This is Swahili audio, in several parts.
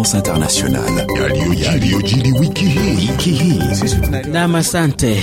France Internationale. Nam, asante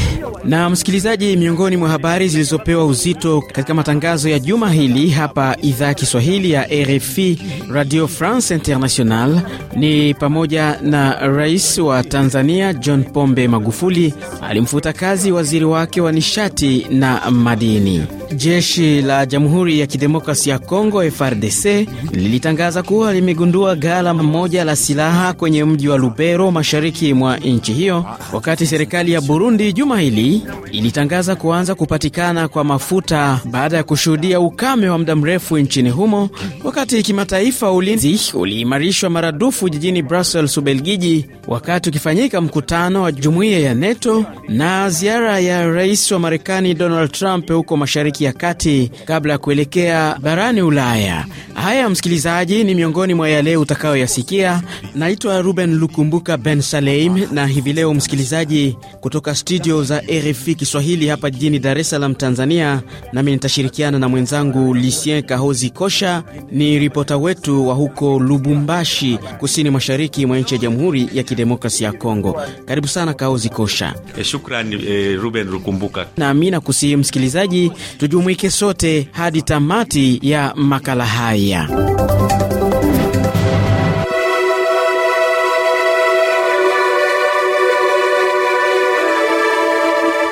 na msikilizaji, miongoni mwa habari zilizopewa uzito katika matangazo ya juma hili hapa idhaa Kiswahili ya RFI Radio France International ni pamoja na rais wa Tanzania John Pombe Magufuli alimfuta kazi waziri wake wa nishati na madini. Jeshi la Jamhuri ya Kidemokrasi ya Kongo frdc lilitangaza kuwa limegundua ghala moja la silaha kwenye mji wa Lubero mashariki mwa nchi hiyo, wakati serikali ya Burundi juma hili ilitangaza kuanza kupatikana kwa mafuta baada ya kushuhudia ukame wa muda mrefu nchini humo, wakati kimataifa ulinzi uliimarishwa maradufu jijini Brussels, Ubelgiji, wakati ukifanyika mkutano wa jumuiya ya NATO na ziara ya rais wa Marekani Donald Trump huko mashariki Mashariki ya Kati kabla ya kuelekea barani Ulaya. Haya msikilizaji, ni miongoni mwa yale utakayoyasikia. Naitwa Ruben Lukumbuka Ben Saleim, na hivi leo msikilizaji, kutoka studio za RFI Kiswahili hapa jijini Dar es Salaam, Tanzania, nami nitashirikiana na mwenzangu Lucien Kahozi Kosha, ni ripota wetu wa huko Lubumbashi, kusini mashariki mwa nchi ya Jamhuri ya Kidemokrasia ya Kongo. Karibu sana Kahozi Kosha. E, e, Ruben Lukumbuka. Naamina kusihi msikilizaji tu tujumuike sote hadi tamati ya makala haya.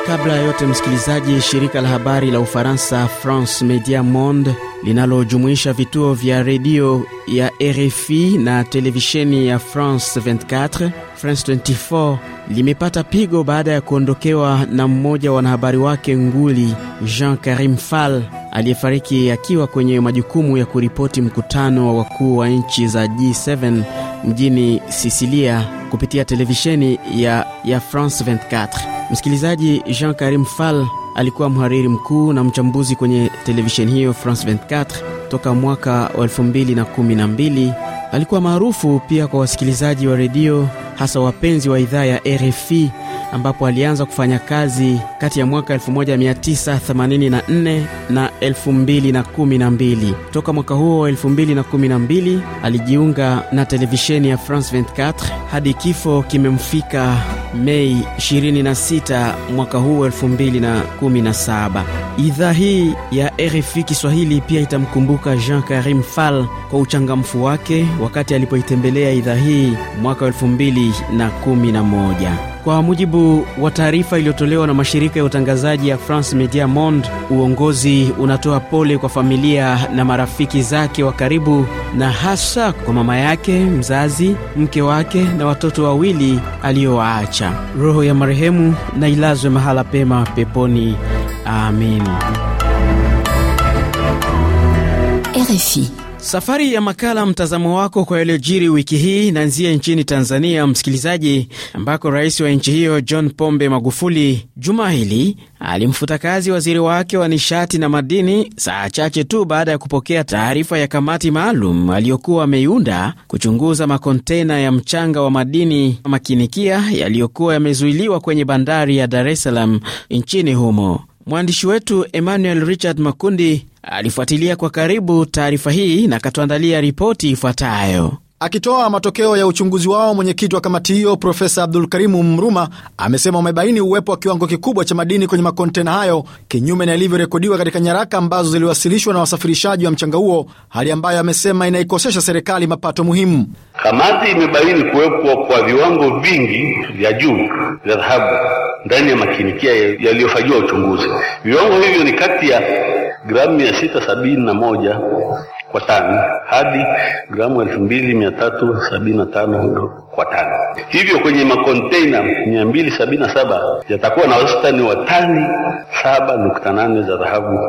Kabla yote, msikilizaji, shirika la habari la Ufaransa France Media Monde linalojumuisha vituo vya redio ya RFI na televisheni ya France 24, France 24 limepata pigo baada ya kuondokewa na mmoja wa wanahabari wake nguli Jean Karim Fall aliyefariki akiwa kwenye majukumu ya kuripoti mkutano wa wakuu wa nchi za G7 mjini Sisilia kupitia televisheni ya, ya France 24. Msikilizaji, Jean Karim Fall alikuwa mhariri mkuu na mchambuzi kwenye televisheni hiyo France 24 toka mwaka wa 212 Alikuwa maarufu pia kwa wasikilizaji wa redio, hasa wapenzi wa idhaa ya RFI ambapo alianza kufanya kazi kati ya mwaka 1984 na 2012. Toka mwaka huo 2012 alijiunga na televisheni ya France 24 hadi kifo kimemfika Mei 26 mwaka huu 2017. Idhaa hii ya RFI Kiswahili pia itamkumbuka Jean Karim Fall kwa uchangamfu wake wakati alipoitembelea idhaa hii mwaka 2011. Kwa mujibu wa taarifa iliyotolewa na mashirika ya utangazaji ya France Media Monde, uongozi unatoa pole kwa familia na marafiki zake wa karibu na hasa kwa mama yake mzazi, mke wake na watoto wawili aliyowaacha. Roho ya marehemu na ilazwe mahala pema peponi. Amin. RFI Safari ya makala mtazamo wako kwa yaliyojiri wiki hii inaanzia nchini Tanzania, msikilizaji, ambako rais wa nchi hiyo John Pombe Magufuli juma hili alimfuta kazi waziri wake wa nishati na madini saa chache tu baada ya kupokea taarifa ya kamati maalum aliyokuwa ameiunda kuchunguza makontena ya mchanga wa madini makinikia yaliyokuwa yamezuiliwa kwenye bandari ya Dar es Salaam nchini humo. Mwandishi wetu Emmanuel Richard Makundi alifuatilia kwa karibu taarifa hii na akatuandalia ripoti ifuatayo. Akitoa matokeo ya uchunguzi wao, mwenyekiti wa kamati hiyo Profesa Abdul Karimu Mruma amesema wamebaini uwepo wa kiwango kikubwa cha madini kwenye makontena hayo, kinyume na ilivyorekodiwa katika nyaraka ambazo ziliwasilishwa na wasafirishaji wa mchanga huo, hali ambayo amesema inaikosesha serikali mapato muhimu. Kamati imebaini kuwepo kwa viwango vingi vya juu vya dhahabu ndani ya makinikia yaliyofanyiwa uchunguzi. Viwango hivyo ni kati ya gramu mia sita sabini na moja kwa tani hadi gramu elfu mbili mia tatu sabini na tano kwa tani. Hivyo kwenye makonteina 277 yatakuwa na wastani wa tani 7.8 za dhahabu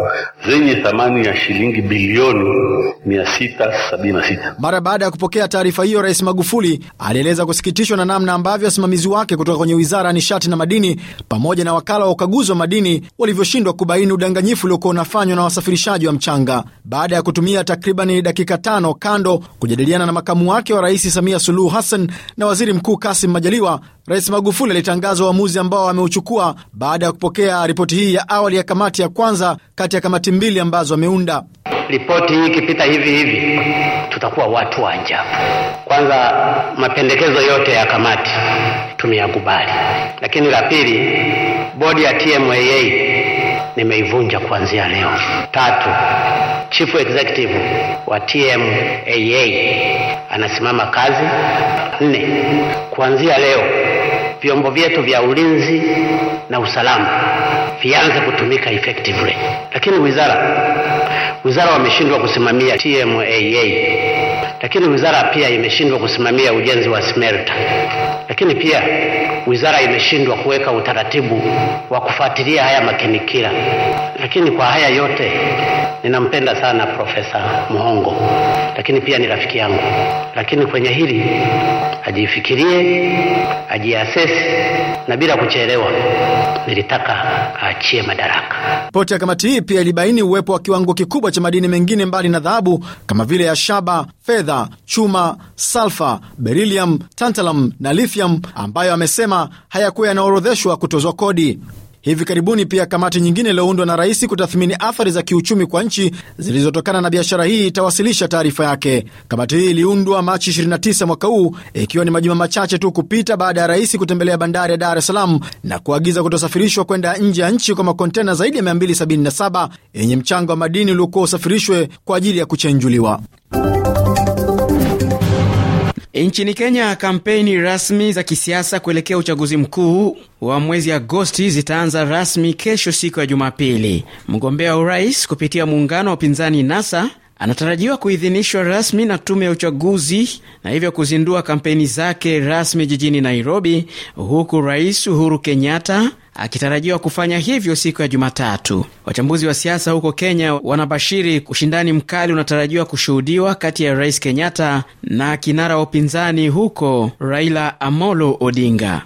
zenye thamani ya shilingi bilioni 676. Mara baada ya kupokea taarifa hiyo, Rais Magufuli alieleza kusikitishwa na namna ambavyo wasimamizi wake kutoka kwenye Wizara ya Nishati na Madini pamoja na Wakala wa Ukaguzi wa Madini walivyoshindwa kubaini udanganyifu uliokuwa unafanywa na wasafirishaji wa mchanga. Baada ya kutumia takribani dakika tano kando kujadiliana na makamu wake wa Rais Samia Suluhu Hassan na waziri mkuu Kasim Majaliwa, Rais Magufuli alitangaza uamuzi ambao ameuchukua baada ya kupokea ripoti hii ya awali ya kamati ya kwanza kati ya kamati mbili ambazo ameunda. Ripoti hii ikipita hivi hivi tutakuwa watu wa ajabu. Kwanza, mapendekezo yote ya kamati tumeyakubali, lakini la pili, bodi ya TMAA nimeivunja kuanzia leo. Tatu, chief executive wa TMAA anasimama kazi. Nne, kuanzia leo vyombo vyetu vya ulinzi na usalama vianze kutumika effectively. Lakini wizara wizara wameshindwa kusimamia TMAA, lakini wizara pia imeshindwa kusimamia ujenzi wa smelter, lakini pia wizara imeshindwa kuweka utaratibu wa kufuatilia haya makinikira. Lakini kwa haya yote, ninampenda sana Profesa Muhongo, lakini pia ni rafiki yangu. Lakini kwenye hili ajifikirie, ajiasesi na bila kuchelewa, nilitaka aachie madaraka. Ripoti ya kamati hii pia ilibaini uwepo wa kiwango kikubwa cha madini mengine mbali na dhahabu kama vile ya shaba, fedha, chuma, salfa, beryllium, tantalum na lithium ambayo amesema kama hayakuwa yanaorodheshwa kutozwa kodi. Hivi karibuni pia kamati nyingine iliyoundwa na rais kutathmini athari za kiuchumi kwa nchi zilizotokana na biashara hii itawasilisha taarifa yake. Kamati hii iliundwa Machi 29 mwaka huu, ikiwa ni majuma machache tu kupita baada ya rais kutembelea bandari ya Dar es Salaam na kuagiza kutosafirishwa kwenda nje ya nchi kwa makontena zaidi ya 277 yenye mchango wa madini uliokuwa usafirishwe kwa ajili ya kuchenjuliwa. Nchini Kenya, kampeni rasmi za kisiasa kuelekea uchaguzi mkuu wa mwezi Agosti zitaanza rasmi kesho, siku ya Jumapili. Mgombea wa urais kupitia muungano wa upinzani NASA anatarajiwa kuidhinishwa rasmi na tume ya uchaguzi na hivyo kuzindua kampeni zake rasmi jijini Nairobi, huku Rais Uhuru Kenyatta akitarajiwa kufanya hivyo siku ya Jumatatu. Wachambuzi wa siasa huko Kenya wanabashiri ushindani mkali unatarajiwa kushuhudiwa kati ya Rais Kenyatta na kinara wa upinzani huko Raila Amolo Odinga.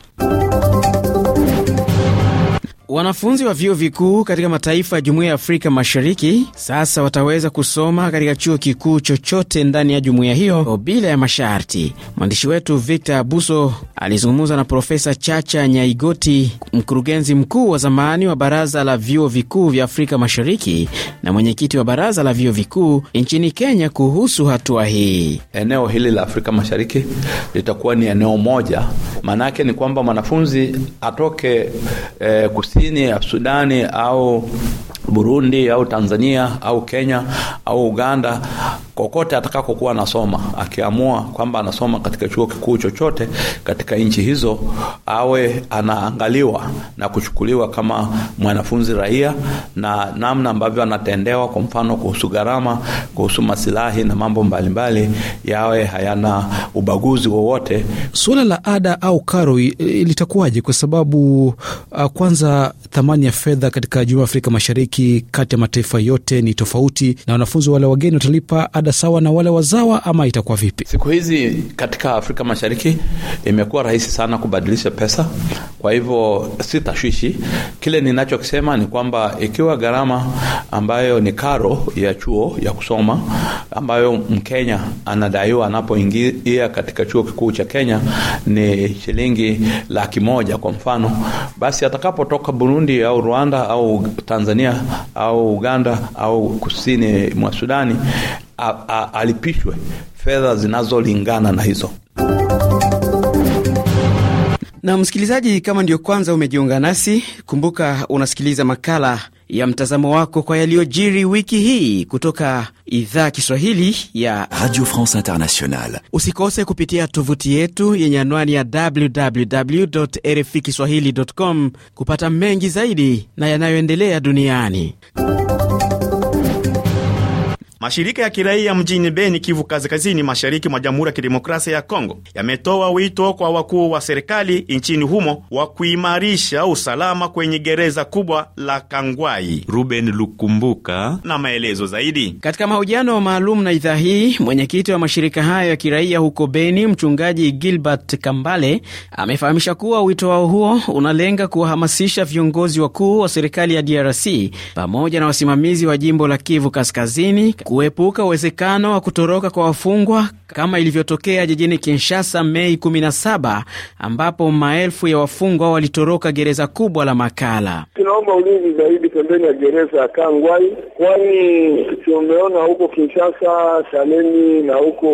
Wanafunzi wa vyuo vikuu katika mataifa ya jumuiya ya Afrika Mashariki sasa wataweza kusoma katika chuo kikuu chochote ndani ya jumuiya hiyo bila ya masharti. Mwandishi wetu Victor Abuso alizungumza na Profesa Chacha Nyaigoti, mkurugenzi mkuu wa zamani wa Baraza la Vyuo Vikuu vya Afrika Mashariki na mwenyekiti wa Baraza la Vyuo Vikuu nchini Kenya kuhusu hatua hii. Eneo hili la Afrika Mashariki litakuwa ni eneo moja, maanake ni kwamba mwanafunzi atoke eh, kusi kusini ya Sudani au Burundi au Tanzania au Kenya au Uganda, kokote atakakokuwa anasoma, akiamua kwamba anasoma katika chuo kikuu chochote katika nchi hizo, awe anaangaliwa na kuchukuliwa kama mwanafunzi raia, na namna ambavyo anatendewa, kwa mfano kuhusu gharama, kuhusu masilahi na mambo mbalimbali mbali, yawe hayana ubaguzi wowote. Suala la ada au karo eh, litakuwaje? Kwa sababu ah, kwanza thamani ya fedha katika jumuiya ya Afrika Mashariki kati ya mataifa yote ni tofauti, na wanafunzi wale wageni watalipa ada sawa na wale wazawa, ama itakuwa vipi? Siku hizi katika Afrika Mashariki imekuwa rahisi sana kubadilisha pesa, kwa hivyo si tashwishi. Kile ninachokisema ni kwamba ikiwa gharama ambayo ni karo ya chuo ya kusoma ambayo Mkenya anadaiwa anapoingia katika chuo kikuu cha Kenya ni shilingi laki moja kwa mfano, basi atakapotoka Burundi au Rwanda au Tanzania au Uganda au kusini mwa Sudani a, a, alipishwe fedha zinazolingana na hizo. Na msikilizaji, kama ndio kwanza umejiunga nasi, kumbuka unasikiliza makala ya mtazamo wako kwa yaliyojiri wiki hii kutoka idhaa Kiswahili ya Radio France International. Usikose kupitia tovuti yetu yenye anwani ya www RFI Kiswahili com kupata mengi zaidi na yanayoendelea duniani. Mashirika ya kiraia mjini Beni, Kivu Kaskazini, mashariki mwa Jamhuri ya Kidemokrasia ya Kongo yametoa wito kwa wakuu wa serikali nchini humo wa kuimarisha usalama kwenye gereza kubwa la Kangwai. Ruben Lukumbuka na maelezo zaidi. Katika mahojiano maalum na idhaa hii, mwenyekiti wa mashirika hayo ya kiraia huko Beni, mchungaji Gilbert Kambale, amefahamisha kuwa wito wao huo unalenga kuwahamasisha viongozi wakuu wa serikali ya DRC pamoja na wasimamizi wa jimbo la Kivu Kaskazini kuepuka uwezekano wa kutoroka kwa wafungwa kama ilivyotokea jijini Kinshasa Mei 17 ambapo maelfu ya wafungwa walitoroka gereza kubwa la Makala. Tunaomba ulinzi zaidi pembeni ya gereza ya Kangwai, kwani tumeona huko Kinshasa, Salemi na huko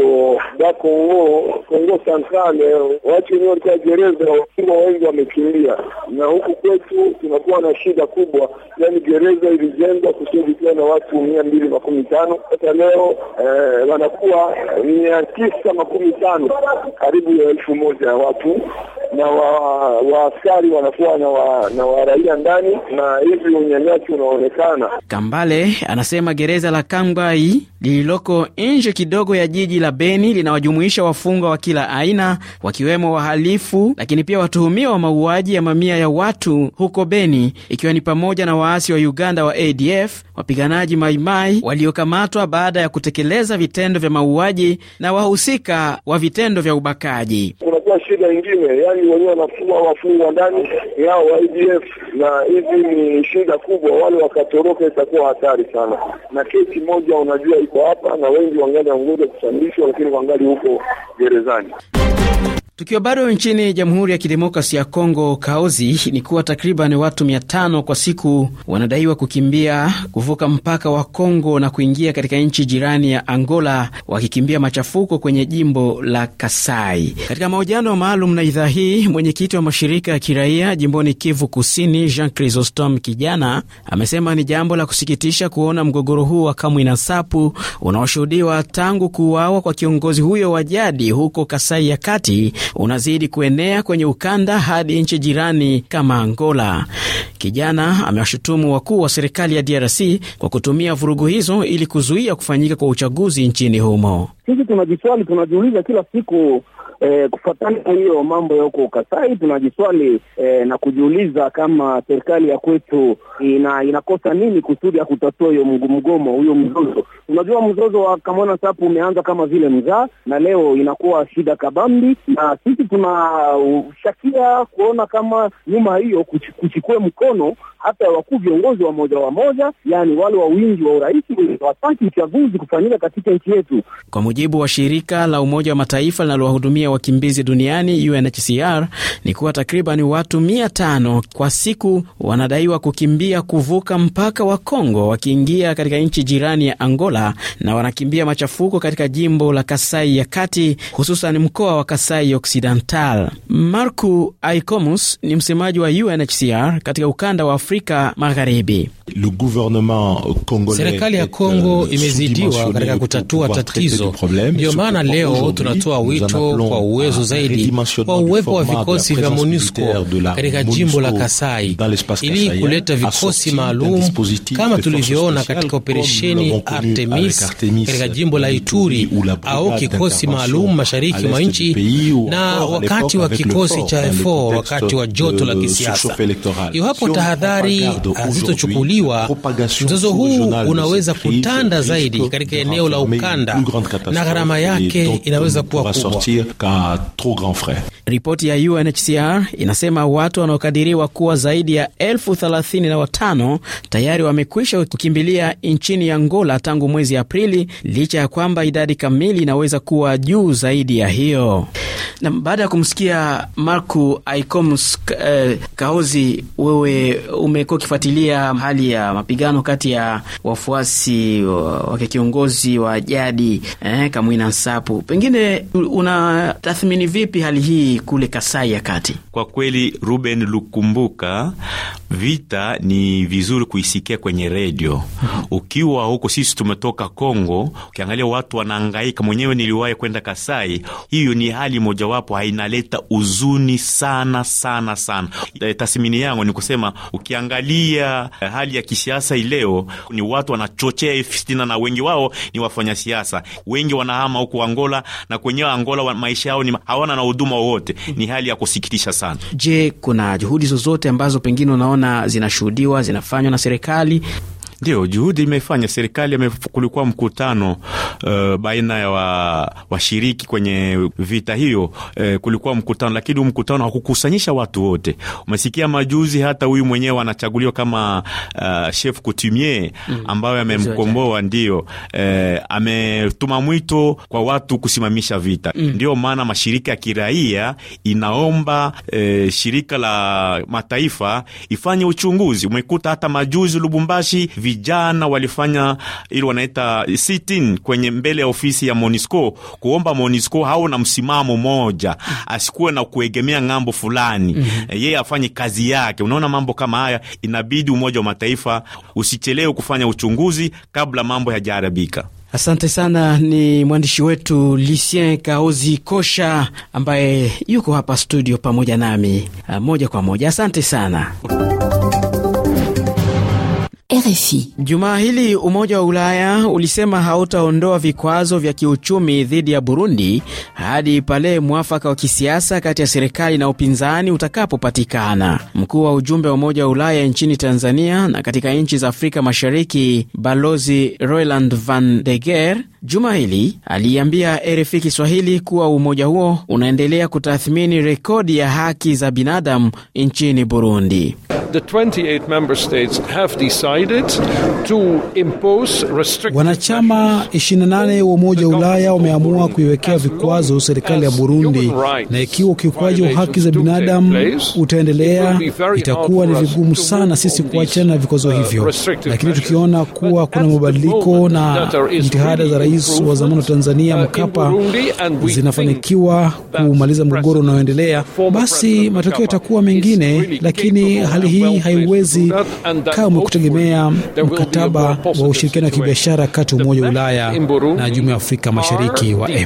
Bakongo, Kongo Centrale, watu wenyewe walikuwa gereza, wafungwa wengi wamekimbia, na huku kwetu tunakuwa na shida kubwa, yaani gereza ilijengwa kusudi kuwa na watu mia mbili makumi tano hata leo eh, wanakuwa mia tisa makumi tano karibu ya elfu moja ya watu na waaskari wa wanakuwa na, wa, na waraia ndani, na hivi unyanyasi unaonekana. Kambale anasema gereza la Kambai lililoko nje kidogo ya jiji la Beni linawajumuisha wafungwa wa kila aina wakiwemo wahalifu, lakini pia watuhumiwa wa mauaji ya mamia ya watu huko Beni, ikiwa ni pamoja na waasi wa Uganda wa ADF, wapiganaji Maimai waliokamatwa kukamatwa baada ya kutekeleza vitendo vya mauaji na wahusika wa vitendo vya ubakaji. Kunakuwa shida nyingine, yani wenyewe wanafungwa wafungwa ndani yao wa ADF, e na hivi ni shida kubwa. Wale wakatoroka itakuwa hatari sana, na kesi moja unajua iko hapa, na wengi wangali wangoja kusambishwa, lakini wangali huko gerezani. Tukiwa bado nchini Jamhuri ya Kidemokrasi ya Kongo, kaozi ni kuwa takriban watu 500 kwa siku wanadaiwa kukimbia kuvuka mpaka wa Kongo na kuingia katika nchi jirani ya Angola, wakikimbia machafuko kwenye jimbo la Kasai. Katika mahojiano maalum na idhaa hii, mwenyekiti wa mashirika ya kiraia jimboni Kivu Kusini, Jean Chrysostom Kijana, amesema ni jambo la kusikitisha kuona mgogoro huu wa Kamwina Nsapu unaoshuhudiwa tangu kuuawa kwa kiongozi huyo wa jadi huko Kasai ya Kati unazidi kuenea kwenye ukanda hadi nchi jirani kama Angola. Kijana amewashutumu wakuu wa serikali ya DRC kwa kutumia vurugu hizo ili kuzuia kufanyika kwa uchaguzi nchini humo. Sisi tunajiswali, tunajiuliza kila siku E, kufuatana na hiyo mambo ya huko Kasai tunajiswali e, na kujiuliza kama serikali ya kwetu ina, inakosa nini kusudi ya kutatua hiyo mgomo huyo mzozo. Unajua mzozo wa Kamwana Sapu umeanza kama vile mzaa na leo inakuwa shida kabambi, na sisi tunashakia kuona kama nyuma hiyo kuchikue mkono hata wakuu viongozi wa moja wa moja, yani wale wa wingi wa urais wataki uchaguzi kufanyika katika nchi yetu. Kwa mujibu wa shirika la Umoja wa Mataifa linalowahudumia ya wakimbizi duniani UNHCR ni kuwa takriban watu 500 kwa siku wanadaiwa kukimbia kuvuka mpaka wa Kongo wakiingia katika nchi jirani ya Angola, na wanakimbia machafuko katika jimbo la Kasai ya kati, hususan mkoa wa Kasai Occidental. Marku Aikomus ni msemaji wa UNHCR katika ukanda wa Afrika Magharibi. Serikali ya Kongo euh, imezidiwa katika kutatua tatizo, ndiyo maana leo tunatoa wito kwa kwa uwezo zaidi kwa uwepo wa vikosi vya MONUSCO katika jimbo la Kasai ili kuleta vikosi maalum kama tulivyoona katika operesheni Artemis katika jimbo la Ituri au kikosi maalum mashariki mwa nchi na wakati wa kikosi cha EFOR wakati wa joto la kisiasa. Iwapo tahadhari hazitochukuliwa, mzozo huu unaweza kutanda zaidi katika eneo la ukanda na gharama yake inaweza kuwa kubwa trop grand Ripoti ya UNHCR inasema watu wanaokadiriwa kuwa zaidi ya elfu thelathini na watano tayari wamekwisha kukimbilia nchini Angola tangu mwezi Aprili, licha ya kwamba idadi kamili inaweza kuwa juu zaidi ya hiyo. Na baada ya kumsikia Marku Icoms eh, Kaozi, wewe umekuwa ukifuatilia hali ya mapigano kati ya wafuasi wa kiongozi wa jadi eh, Kamwina Nsapu, pengine una tathmini vipi hali hii kule Kasai ya Kati? Kwa kweli, Ruben Lukumbuka Vita ni vizuri kuisikia kwenye redio ukiwa huko. Sisi tumetoka Kongo, ukiangalia watu wanaangaika. Mwenyewe niliwahi kwenda Kasai. Hiyo ni hali mojawapo, hainaleta uzuni sana sana sana. E, eh, tasimini yangu ni kusema ukiangalia eh, hali ya kisiasa ileo, ni watu wanachochea fitina na wengi wao ni wafanya siasa. Wengi wanahama huku Angola na kwenyewe Angola wa maisha yao ni hawana na huduma wowote. Ni hali ya kusikitisha sana. Je, kuna juhudi zozote ambazo pengine unaona tunaona zinashuhudiwa zinafanywa na serikali ndio juhudi imefanya serikali, kulikuwa mkutano uh, baina ya wa, washiriki kwenye vita hiyo uh, kulikuwa mkutano, lakini huu mkutano hakukusanyisha watu wote. Umesikia majuzi hata huyu mwenyewe anachaguliwa kama uh, chef coutumier mm. ambayo amemkomboa, ndio uh, ametuma mwito kwa watu kusimamisha vita. mm. Ndio maana mashirika ya kiraia inaomba uh, shirika la mataifa ifanye uchunguzi. Umekuta hata majuzi Lubumbashi vijana walifanya ili wanaita sit kwenye mbele ya ofisi ya Monisco kuomba Monisco hao na msimamo moja, asikuwe na kuegemea ng'ambo fulani mm -hmm. Yeye afanye kazi yake. Unaona, mambo kama haya inabidi Umoja wa Mataifa usichelewe kufanya uchunguzi kabla mambo hajaharibika. Asante sana. Ni mwandishi wetu Lucien Kaozi Kosha ambaye yuko hapa studio pamoja nami moja kwa moja. Asante sana. RFI. Jumaa hili Umoja wa Ulaya ulisema hautaondoa vikwazo vya kiuchumi dhidi ya Burundi hadi pale mwafaka wa kisiasa kati ya serikali na upinzani utakapopatikana. Mkuu wa ujumbe wa Umoja wa Ulaya nchini Tanzania na katika nchi za Afrika Mashariki, Balozi Roland van de Geer, juma hili aliiambia RFI Kiswahili kuwa umoja huo unaendelea kutathmini rekodi ya haki za binadamu nchini Burundi the 28 member states have decided to impose Wanachama 28 wa Umoja wa Ulaya wameamua kuiwekea vikwazo serikali ya Burundi, na ikiwa ukiukaji wa haki za binadamu utaendelea, itakuwa ni vigumu sana sisi kuachana uh, na vikwazo hivyo. Lakini tukiona kuwa kuna mabadiliko na jitihada za rais wa zamani wa Tanzania uh, Mkapa zinafanikiwa kumaliza mgogoro unaoendelea, basi matokeo yatakuwa mengine, lakini hali hii hii haiwezi kamwe kutegemea mkataba wa ushirikiano wa kibiashara kati ya Umoja wa Ulaya na Jumuiya ya Afrika Mashariki wa e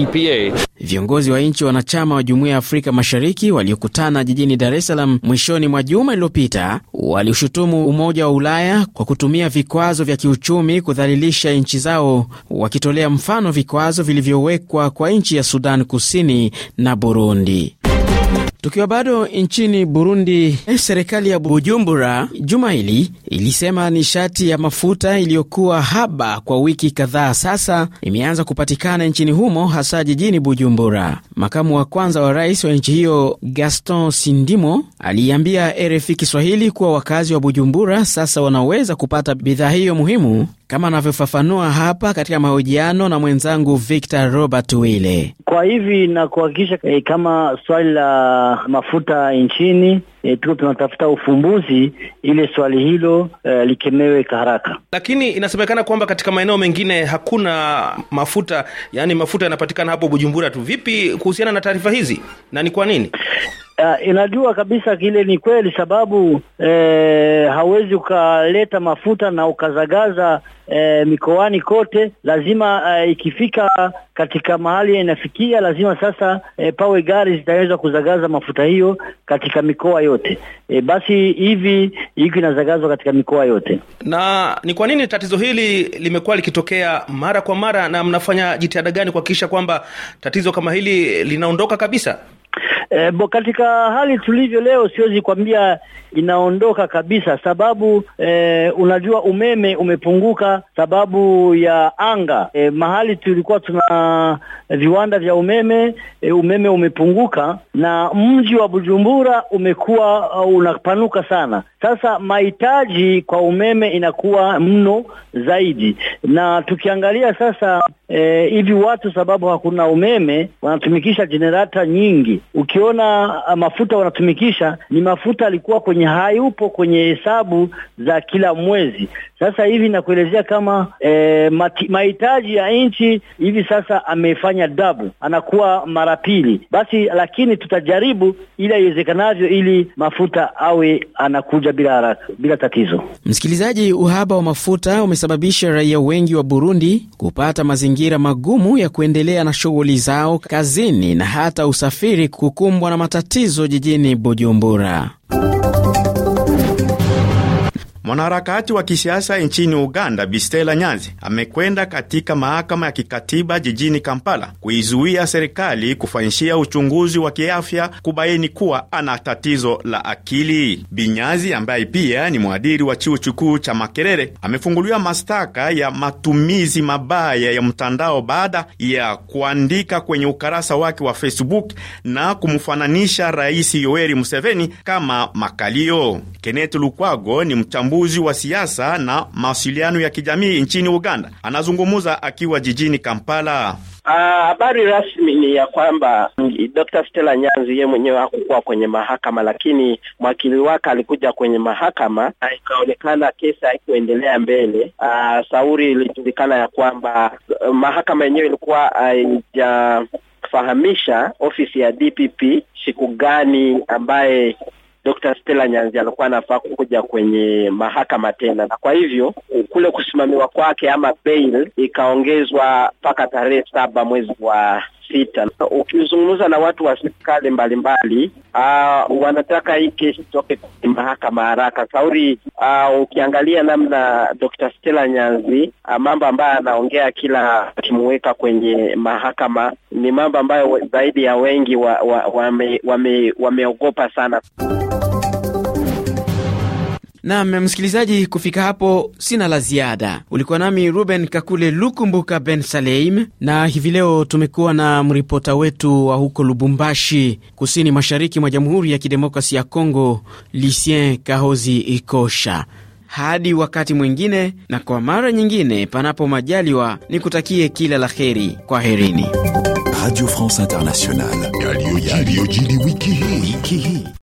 EPA. E Viongozi wa nchi wanachama wa Jumuiya ya Afrika Mashariki waliokutana jijini Dar es Salaam mwishoni mwa juma iliyopita waliushutumu Umoja wa Ulaya kwa kutumia vikwazo vya kiuchumi kudhalilisha nchi zao, wakitolea mfano vikwazo vilivyowekwa kwa nchi ya Sudan Kusini na Burundi. Tukiwa bado nchini Burundi, eh, serikali ya Bujumbura juma hili ilisema nishati ya mafuta iliyokuwa haba kwa wiki kadhaa sasa imeanza kupatikana nchini humo, hasa jijini Bujumbura. Makamu wa kwanza wa rais wa nchi hiyo Gaston Sindimo aliiambia RFI Kiswahili kuwa wakazi wa Bujumbura sasa wanaweza kupata bidhaa hiyo muhimu kama anavyofafanua hapa katika mahojiano na mwenzangu Victor Robert wille Kwa hivi na kuhakikisha eh, kama swali la mafuta nchini e, tuko tunatafuta ufumbuzi ili swali hilo e, likemewe haraka. Lakini inasemekana kwamba katika maeneo mengine hakuna mafuta, yaani mafuta yanapatikana hapo Bujumbura tu. Vipi kuhusiana na taarifa hizi na ni kwa nini? Uh, inajua kabisa kile ni kweli sababu eh, hawezi ukaleta mafuta na ukazagaza eh, mikoani kote. Lazima eh, ikifika katika mahali inafikia lazima sasa eh, pawe gari zitaweza kuzagaza mafuta hiyo katika mikoa yote yote. E, basi hivi hiki inazagazwa katika mikoa yote. Na ni kwa nini tatizo hili limekuwa likitokea mara kwa mara, na mnafanya jitihada gani kuhakikisha kwamba tatizo kama hili linaondoka kabisa? E, bo katika hali tulivyo leo siwezi kwambia inaondoka kabisa, sababu e, unajua umeme umepunguka sababu ya anga. E, mahali tulikuwa tuna viwanda vya umeme e, umeme umepunguka na mji wa Bujumbura umekuwa uh, unapanuka sana. Sasa mahitaji kwa umeme inakuwa mno zaidi, na tukiangalia sasa hivi e, watu sababu hakuna umeme wanatumikisha jenerata nyingi Ukio ukiona uh, mafuta wanatumikisha ni mafuta alikuwa kwenye hayupo kwenye hesabu za kila mwezi. Sasa hivi nakuelezea kama e, mahitaji ya nchi hivi sasa amefanya dabu, anakuwa mara pili basi, lakini tutajaribu ila iwezekanavyo, ili mafuta awe anakuja bila haraka, bila tatizo. Msikilizaji, uhaba wa mafuta umesababisha raia wengi wa Burundi kupata mazingira magumu ya kuendelea na shughuli zao, kazini na hata usafiri kuku kukumbwa na matatizo jijini Bujumbura. Mwanaharakati wa kisiasa nchini Uganda, Bistela Nyanzi, amekwenda katika mahakama ya kikatiba jijini Kampala kuizuia serikali kufanyishia uchunguzi wa kiafya kubaini kuwa ana tatizo la akili. Binyazi, ambaye pia ni mwadiri wa chuo kikuu cha Makerere, amefunguliwa mashtaka ya matumizi mabaya ya mtandao baada ya kuandika kwenye ukarasa wake wa Facebook na kumfananisha Rais Yoweri Museveni kama makalio. Kenneth Lukwago ni mchambuzi uchambuzi wa siasa na mawasiliano ya kijamii nchini Uganda. Anazungumza akiwa jijini Kampala. Ah, habari rasmi ni ya kwamba mm, Dr. Stella Nyanzi yeye mwenyewe hakukuwa kwenye mahakama, lakini mwakili wake alikuja kwenye mahakama na ikaonekana kesi haikuendelea mbele. Aa, ah, sauri ilijulikana ya kwamba eh, mahakama yenyewe ilikuwa haija fahamisha ofisi ya DPP siku gani ambaye Dr. Stella Nyanzi alikuwa anafaa kuja kwenye mahakama tena, na kwa hivyo kule kusimamiwa kwake ama bail ikaongezwa mpaka tarehe saba mwezi wa sita. Ukizungumza na watu wa serikali mbalimbali, uh, wanataka hii kesi toke kwenye mahakama haraka sauri. Uh, ukiangalia namna Dr. Stella Nyanzi uh, mambo ambayo anaongea kila akimuweka kwenye mahakama ni mambo ambayo zaidi ya wengi wameogopa wa, wa, wa, wa, wa, wa, wa sana. Nam msikilizaji, kufika hapo sina la ziada. Ulikuwa nami Ruben Kakule Lukumbuka Ben Saleim, na hivi leo tumekuwa na mripota wetu wa huko Lubumbashi, kusini mashariki mwa Jamhuri ya Kidemokrasi ya Kongo, Lucien Kahozi Ikosha. Hadi wakati mwingine, na kwa mara nyingine, panapo majaliwa, ni kutakie kila la heri. Kwa herini. Radio France Internationale.